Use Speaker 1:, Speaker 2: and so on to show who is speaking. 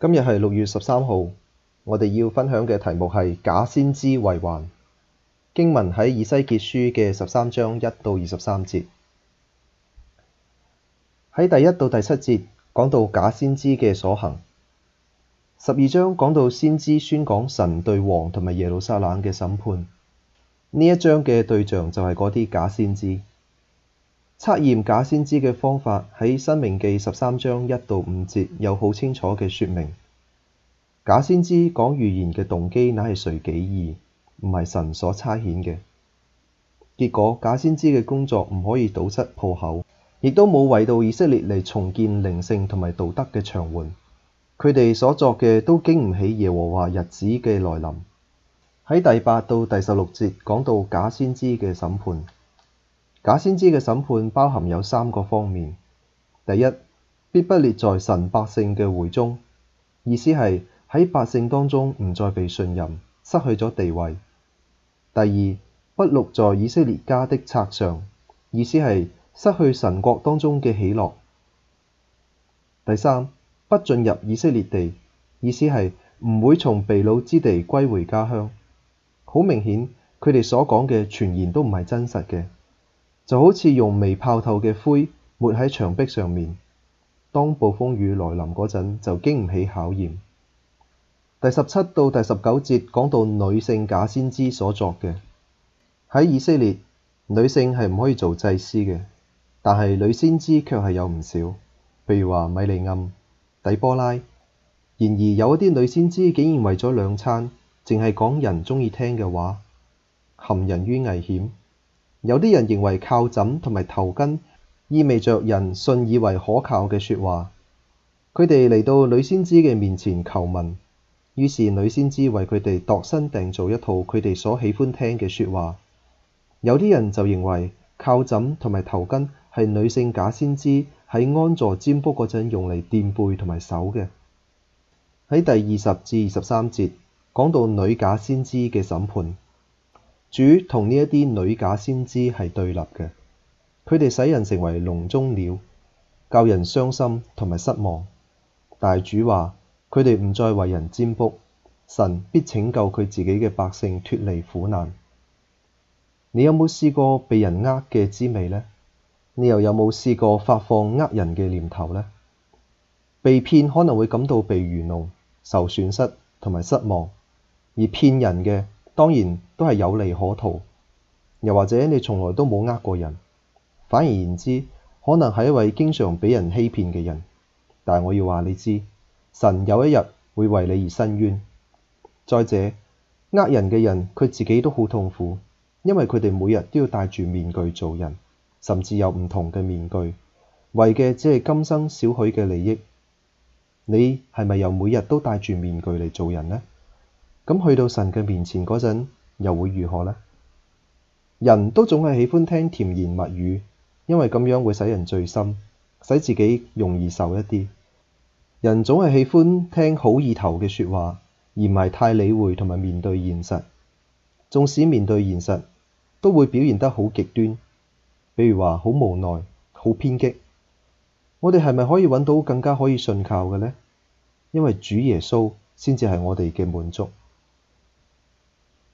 Speaker 1: 今日係六月十三號，我哋要分享嘅題目係假先知為患，經文喺以西結書嘅十三章一到二十三節，喺第一到第七節講到假先知嘅所行，十二章講到先知宣講神對王同埋耶路撒冷嘅審判，呢一章嘅對象就係嗰啲假先知。測驗假先知嘅方法喺《申命記》十三章一到五節有好清楚嘅説明。假先知講預言嘅動機乃係隨己意，唔係神所差遣嘅。結果，假先知嘅工作唔可以堵塞破口，亦都冇為到以色列嚟重建靈性同埋道德嘅牆垣。佢哋所作嘅都經唔起耶和華日子嘅來臨。喺第八到第十六節講到假先知嘅審判。假先知嘅審判包含有三個方面：第一，必不列在神百姓嘅會中，意思係喺百姓當中唔再被信任，失去咗地位；第二，不錄在以色列家的冊上，意思係失去神國當中嘅喜樂；第三，不進入以色列地，意思係唔會從被擄之地歸回家鄉。好明顯，佢哋所講嘅傳言都唔係真實嘅。就好似用未泡透嘅灰抹喺牆壁上面，當暴風雨來臨嗰陣就經唔起考驗。第十七到第十九節講到女性假先知所作嘅。喺以色列，女性係唔可以做祭司嘅，但係女先知卻係有唔少，譬如話米利暗、底波拉。然而有一啲女先知竟然為咗兩餐，淨係講人中意聽嘅話，陷人於危險。有啲人認為靠枕同埋頭巾意味着人信以為可靠嘅說話，佢哋嚟到女先知嘅面前求問，於是女先知為佢哋度身訂造一套佢哋所喜歡聽嘅說話。有啲人就認為靠枕同埋頭巾係女性假先知喺安坐占卜嗰陣用嚟墊背同埋手嘅。喺第二十至二十三節講到女假先知嘅審判。主同呢一啲女假先知係對立嘅，佢哋使人成為籠中鳥，教人傷心同埋失望。大主話：佢哋唔再為人占卜，神必拯救佢自己嘅百姓脫離苦難。你有冇試過被人呃嘅滋味呢？你又有冇試過發放呃人嘅念頭呢？被騙可能會感到被愚弄、受損失同埋失望，而騙人嘅。當然都係有利可圖，又或者你從來都冇呃過人。反而言之，可能係一位經常俾人欺騙嘅人。但係我要話你知，神有一日會為你而申冤。再者，呃人嘅人佢自己都好痛苦，因為佢哋每日都要戴住面具做人，甚至有唔同嘅面具，為嘅只係今生少許嘅利益。你係咪又每日都戴住面具嚟做人呢？咁去到神嘅面前嗰陣，又會如何呢？人都總係喜歡聽甜言蜜語，因為咁樣會使人醉心，使自己容易受一啲。人總係喜歡聽好意頭嘅說話，而唔係太理會同埋面對現實。縱使面對現實，都會表現得好極端，比如話好無奈、好偏激。我哋係咪可以揾到更加可以信靠嘅呢？因為主耶穌先至係我哋嘅滿足。